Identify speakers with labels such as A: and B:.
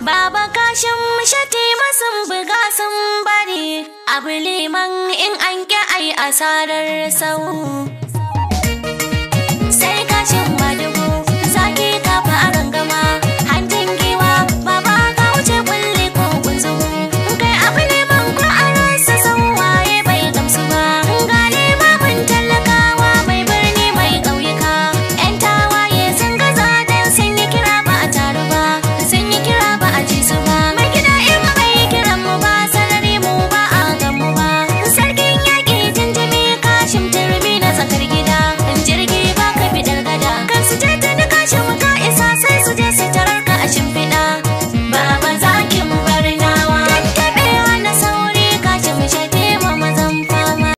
A: Baba kashin shati masun buga sun bari, abu liman in an ƙi ai asarar sau.